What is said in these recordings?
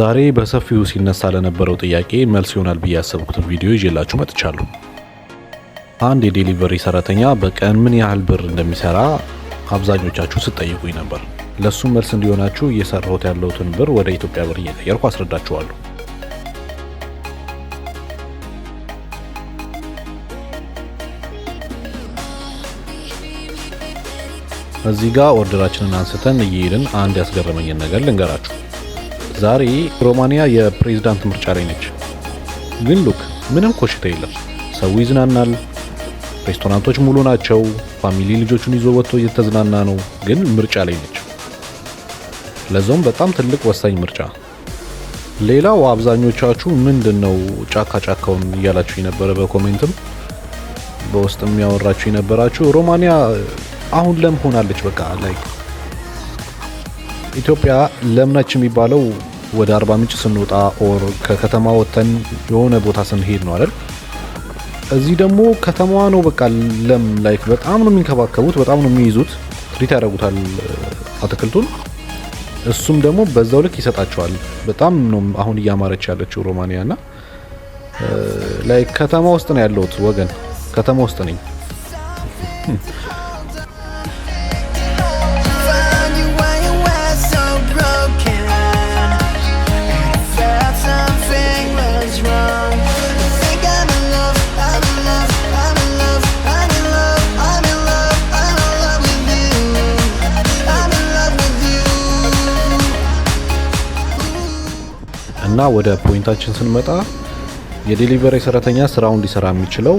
ዛሬ በሰፊው ሲነሳ ለነበረው ጥያቄ መልስ ይሆናል ብዬ ያሰብኩትን ቪዲዮ ይዤላችሁ መጥቻለሁ። አንድ የዴሊቨሪ ሰራተኛ በቀን ምን ያህል ብር እንደሚሰራ አብዛኞቻችሁ ስትጠይቁኝ ነበር። ለሱም መልስ እንዲሆናችሁ እየሰራሁት ያለሁትን ብር ወደ ኢትዮጵያ ብር እየቀየርኩ አስረዳችኋለሁ። እዚህ ጋር ኦርደራችንን አንስተን እየሄድን አንድ ያስገረመኝን ነገር ልንገራችሁ። ዛሬ ሮማንያ የፕሬዝዳንት ምርጫ ላይ ነች። ግን ሉክ ምንም ኮሽታ የለም። ሰው ይዝናናል። ሬስቶራንቶች ሙሉ ናቸው። ፋሚሊ ልጆቹን ይዞ ወጥቶ እየተዝናና ነው። ግን ምርጫ ላይ ነች። ለዛውም በጣም ትልቅ ወሳኝ ምርጫ። ሌላው አብዛኞቻችሁ ምንድን ነው ጫካ ጫካውን እያላችሁ የነበረ በኮሜንትም በውስጥ የሚያወራችሁ የነበራችሁ ሮማንያ አሁን ለም ሆናለች። በቃ ላይ ኢትዮጵያ ለምናች የሚባለው ወደ አርባ ምንጭ ስንወጣ ኦር ከከተማ ወጥተን የሆነ ቦታ ስንሄድ ነው አይደል? እዚህ ደግሞ ከተማዋ ነው በቃ ለም ላይክ በጣም ነው የሚንከባከቡት፣ በጣም ነው የሚይዙት፣ ትሪት ያደርጉታል አትክልቱን። እሱም ደግሞ በዛው ልክ ይሰጣቸዋል። በጣም ነው አሁን እያማረች ያለችው ሮማኒያ ና ላይክ ከተማ ውስጥ ነው ያለሁት ወገን፣ ከተማ ውስጥ ነኝ። እና ወደ ፖይንታችን ስንመጣ የዴሊቨሪ ሰራተኛ ስራውን ሊሰራ የሚችለው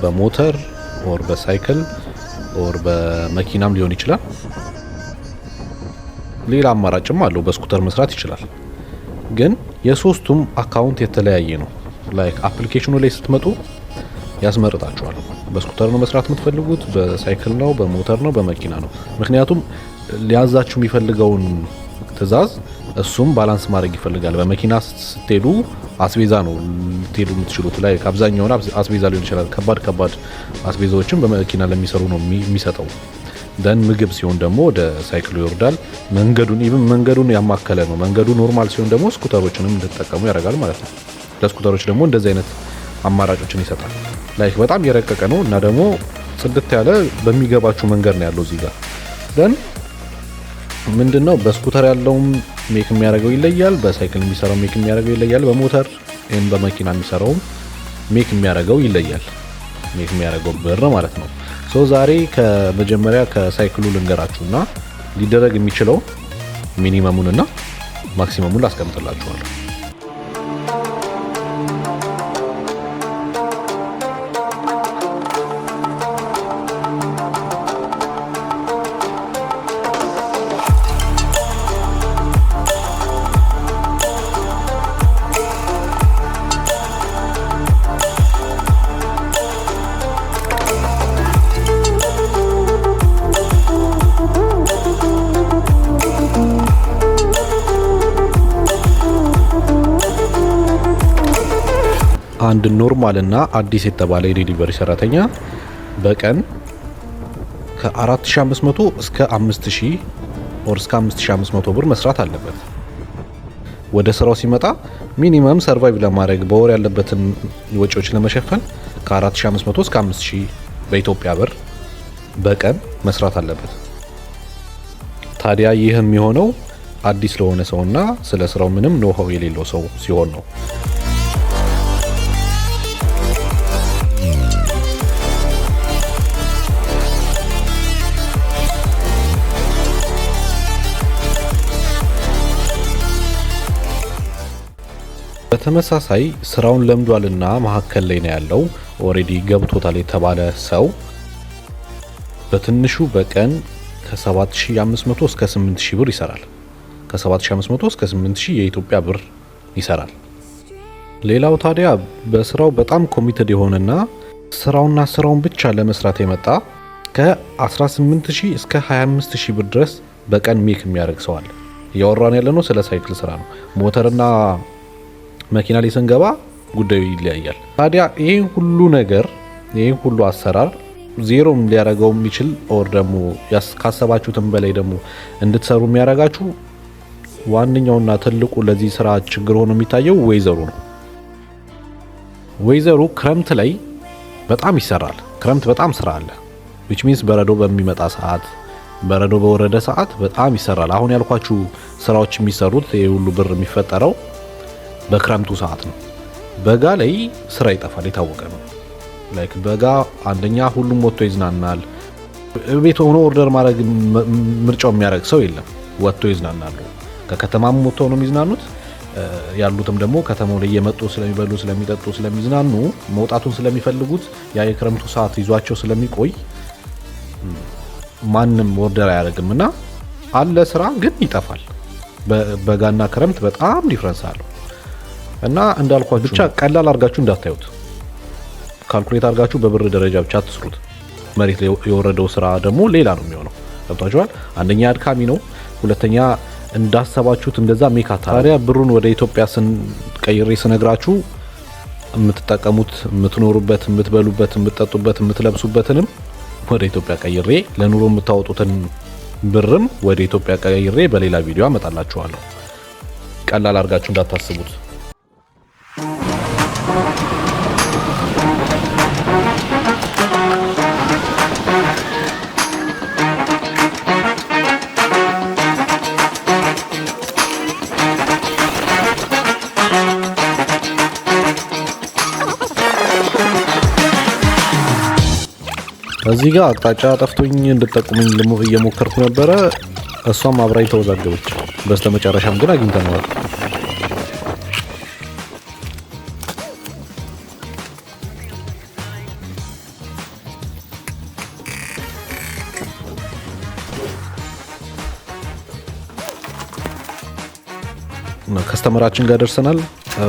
በሞተር ኦር በሳይክል ኦር በመኪናም ሊሆን ይችላል። ሌላ አማራጭም አለው፣ በስኩተር መስራት ይችላል። ግን የሶስቱም አካውንት የተለያየ ነው። ላይክ አፕሊኬሽኑ ላይ ስትመጡ ያስመርጣችኋል። በስኩተር ነው መስራት የምትፈልጉት፣ በሳይክል ነው፣ በሞተር ነው፣ በመኪና ነው። ምክንያቱም ሊያዛችሁ የሚፈልገውን ትዕዛዝ እሱም ባላንስ ማድረግ ይፈልጋል። በመኪና ስትሄዱ አስቤዛ ነው ልትሄዱ የምትችሉት ላይ አብዛኛውን አስቤዛ ሊሆን ይችላል። ከባድ ከባድ አስቤዛዎችን በመኪና ለሚሰሩ ነው የሚሰጠው። ደን ምግብ ሲሆን ደግሞ ወደ ሳይክሉ ይወርዳል። መንገዱን ኢቭን መንገዱን ያማከለ ነው። መንገዱ ኖርማል ሲሆን ደግሞ ስኩተሮችንም እንድጠቀሙ ያደርጋል ማለት ነው። ለስኩተሮች ደግሞ እንደዚህ አይነት አማራጮችን ይሰጣል። ላይክ በጣም የረቀቀ ነው እና ደግሞ ጽድት ያለ በሚገባችሁ መንገድ ነው ያለው እዚህ ጋር ደን ምንድን ነው በስኩተር ያለውም ሜክ የሚያደርገው ይለያል፣ በሳይክል የሚሰራው ሜክ የሚያደርገው ይለያል፣ በሞተር ወይም በመኪና የሚሰራውም ሜክ የሚያደርገው ይለያል። ሜክ የሚያደርገው ብር ማለት ነው። ሶ ዛሬ ከመጀመሪያ ከሳይክሉ ልንገራችሁና ሊደረግ የሚችለው እና ማክሲመሙን ላስቀምጥላችኋለሁ። አንድ እና አዲስ የተባለ የዴሊቨሪ ሰራተኛ በቀን ከ4500 እስከ 5000 ኦር እስከ 5500 ብር መስራት አለበት። ወደ ስራው ሲመጣ ሚኒመም ሰርቫይቭ ለማድረግ በወር ያለበትን ወጪዎች ለመሸፈን ከ4500 እስከ 5000 በኢትዮጵያ ብር በቀን መስራት አለበት። ታዲያ ይህ የሚሆነው አዲስ ለሆነ ሰውና ስለ ስራው ምንም ኖሃው የሌለው ሰው ሲሆን ነው። በተመሳሳይ ስራውን ለምዷልና መሀከል ላይ ነው ያለው ኦሬዲ ገብቶታል የተባለ ሰው በትንሹ በቀን ከ7500 እስከ 8000 ብር ይሰራል። ከ7500 እስከ 8000 የኢትዮጵያ ብር ይሰራል። ሌላው ታዲያ በስራው በጣም ኮሚትድ የሆነና ስራውና ስራውን ብቻ ለመስራት የመጣ ከ18000 እስከ 25000 ብር ድረስ በቀን ሜክ የሚያደርግ አለ። እያወራን ያለነው ስለ ሳይክል ስራ ነው። ሞተርና መኪና ላይ ስንገባ ጉዳዩ ይለያያል። ታዲያ ይህን ሁሉ ነገር ይህን ሁሉ አሰራር ዜሮም ሊያደርገው የሚችል ኦር ደግሞ ካሰባችሁትም በላይ ደግሞ እንድትሰሩ የሚያደርጋችሁ ዋነኛውና ትልቁ ለዚህ ስራ ችግር ሆኖ የሚታየው ወይዘሩ ነው። ወይዘሩ ክረምት ላይ በጣም ይሰራል። ክረምት በጣም ስራ አለ። ዊች ሚንስ በረዶ በሚመጣ ሰዓት በረዶ በወረደ ሰዓት በጣም ይሰራል። አሁን ያልኳችሁ ስራዎች የሚሰሩት ይህ ሁሉ ብር የሚፈጠረው በክረምቱ ሰዓት ነው። በጋ ላይ ስራ ይጠፋል፣ የታወቀ ነው። ላይክ በጋ አንደኛ ሁሉም ወጥቶ ይዝናናል። ቤት ሆኖ ኦርደር ማድረግ ምርጫው የሚያደርግ ሰው የለም። ወጥቶ ይዝናናሉ። ከከተማም ወጥቶ ነው የሚዝናኑት። ያሉትም ደግሞ ከተማው ላይ የመጡ ስለሚበሉ፣ ስለሚጠጡ፣ ስለሚዝናኑ መውጣቱን ስለሚፈልጉት ያ የክረምቱ ሰዓት ይዟቸው ስለሚቆይ ማንም ኦርደር አያደርግም እና አለ ስራ ግን ይጠፋል። በጋና ክረምት በጣም ዲፍረንስ አለው። እና እንዳልኳችሁ ብቻ ቀላል አድርጋችሁ እንዳታዩት ካልኩሌት አድርጋችሁ በብር ደረጃ ብቻ አትስሩት። መሬት የወረደው ስራ ደግሞ ሌላ ነው የሚሆነው። ገብታችኋል? አንደኛ አድካሚ ነው፣ ሁለተኛ እንዳሰባችሁት እንደዛ ሜካታ። ታዲያ ብሩን ወደ ኢትዮጵያ ቀይሬ ስነግራችሁ የምትጠቀሙት የምትኖሩበት፣ የምትበሉበት፣ የምትጠጡበት፣ የምትለብሱበትንም ወደ ኢትዮጵያ ቀይሬ ለኑሮ የምታወጡትን ብርም ወደ ኢትዮጵያ ቀይሬ በሌላ ቪዲዮ አመጣላችኋለሁ። ቀላል አድርጋችሁ እንዳታስቡት። እዚህ ጋር አቅጣጫ ጠፍቶኝ እንድጠቁመኝ እየሞከርኩ ነበረ። እሷም አብራኝ ተወዛገበች። በስተመጨረሻም ግን አግኝተነዋል። ከስተመራችን ጋር ደርሰናል።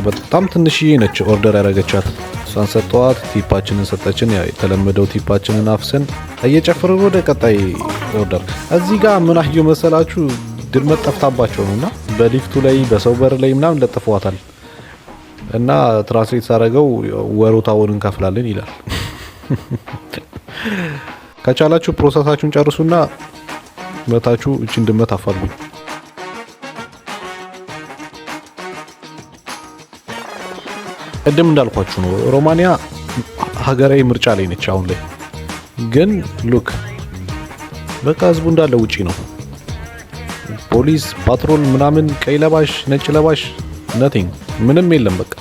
በጣም ትንሽዬ ነች ኦርደር ያደረገቻት። እሷን ሰጠዋት፣ ቲፓችንን ሰጠችን። የተለመደው ቲፓችንን አፍሰን እየጨፈርን ወደ ቀጣይ ኦርደር። እዚህ ጋር ምን አህዮ መሰላችሁ ድመት ጠፍታባቸው ነው እና በሊፍቱ ላይ በሰው በር ላይ ምናምን ለጥፈዋታል እና ትራንስሌት ሳደረገው ወሮታውን እንከፍላለን ይላል። ከቻላችሁ ፕሮሰሳችሁን ጨርሱና መታችሁ እችን ድመት አፋልጉኝ። ቅድም እንዳልኳችሁ ነው። ሮማኒያ ሀገራዊ ምርጫ ላይ ነች አሁን ላይ ግን ሉክ በቃ ህዝቡ እንዳለ ውጪ ነው። ፖሊስ ፓትሮል ምናምን፣ ቀይ ለባሽ ነጭ ለባሽ ነቲንግ ምንም የለም። በቃ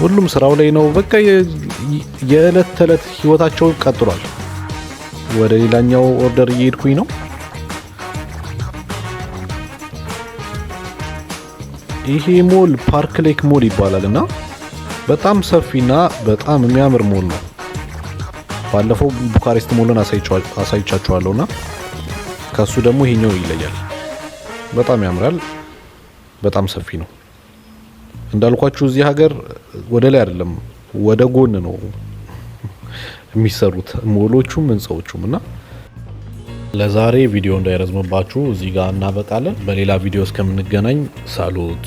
ሁሉም ስራው ላይ ነው። በቃ የዕለት ተዕለት ህይወታቸውን ቀጥሏል። ወደ ሌላኛው ኦርደር እየሄድኩኝ ነው። ይሄ ሞል ፓርክ ሌክ ሞል ይባላል እና በጣም ሰፊና በጣም የሚያምር ሞል ነው። ባለፈው ቡካሬስት ሞልን አሳይቻችኋለሁ እና ከሱ ደግሞ ይሄኛው ይለያል። በጣም ያምራል። በጣም ሰፊ ነው እንዳልኳችሁ። እዚህ ሀገር ወደ ላይ አይደለም ወደ ጎን ነው የሚሰሩት ሞሎቹም ህንፃዎቹም እና ለዛሬ ቪዲዮ እንዳይረዝምባችሁ እዚህ ጋር እናበቃለን። በሌላ ቪዲዮ እስከምንገናኝ ሳሉት